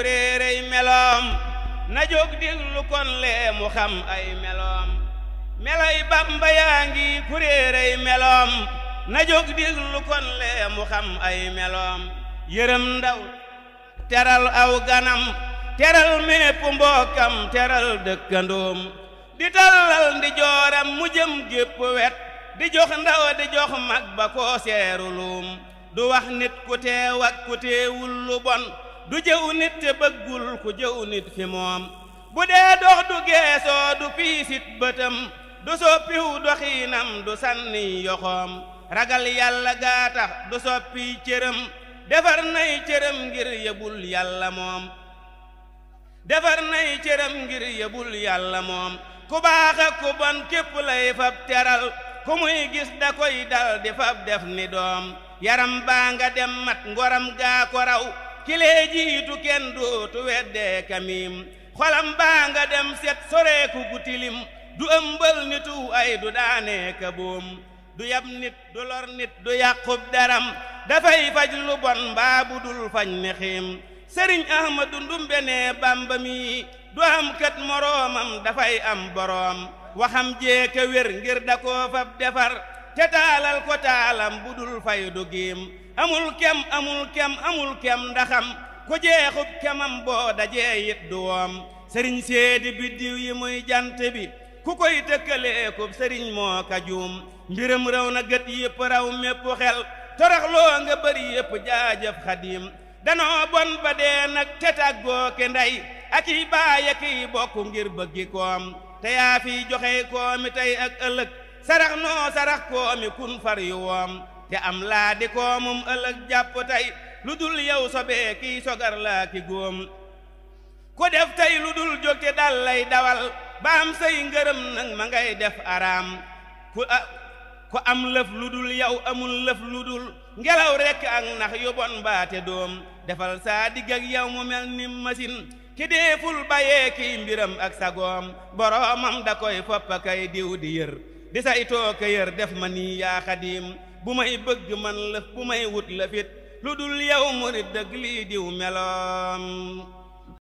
ku réeréy meloom na jóg diglu kon lee mu xam ay meloom meloy Bàmba yaa ngi ku réeréy meloom na jóg diglu kon lee mu xam ay meloom yërëm ndaw teral aw ganam teral mépp mbokkam teral dëkkandoom di tallal ndi jooram mu jëm gépp wet di jox ndaw di jox mag ba koo seeruluum du wax nit ku teew ku teewul lu bon du jëw nit te bëggul ku jëw nit fi moom bu dee dox du geesoo du piisit bëtam du soppiwu doxiinam du sànni yoxoom ragal yàlla gaa tax du soppi cëram defar nay cëram ngir yëbul yàlla moom defar nay cëram ngir yëbul yàlla moom ku baax ku bon képp fab teral ku muy gis da koy fab def ni doom yaram baa nga ngoram gaa ko raw kilee jiitu kenn dootu weddee kamiim xolam baa nga dem set soreeku gu tilim du ëmbal nitu ay du daanee ka du yab du lor du yàqub daram dafay faj lu bon mbaa bu fañ ne sëriñ ahmadu ndumbenee bàmba mi du am kat moroomam dafay am boroom waxam jeeka wér ngir da fab defar te taalal ko taalam bu dul fay du giim amul kem amul kem ndaxam ku jeexub kemam boo dajee du woom sëriñ seedi biddiw yi muy jant bi ku koy tëkkalee kub sëriñ moo ka juum mbiram raw na gët yépp raw mépp xel toroxloo nga bëri yépp jaajëf xadiim danoo bon ba dee nag te tàggoo ndey ak i baay ak i bokk ngir bëggi koom te fiy joxe koomi tey ak ëllëg sarax noo sarax koomi kun far yu woom te am laa di koomum ëllëg jàpp tey lu dul yow sobee kiy sogar ki góom ku def tey lu dul jóg te dal dawal ba am say ngërëm nag ngay def araam ku ku am lëf lu dul yow amul lëf lu dul ngelaw rekk ak nax yu bon baate doom defal saa digg ak yow mu mel ni masin ki deeful bayee kiy mbiram ak sagoom boroomam da koy fopp kay diw di yër di say tookeyer def ma ni yaa xadiim bu may bëgg man lëf bu may wut lëfit lu dul yow murit dëgg lii diw meloom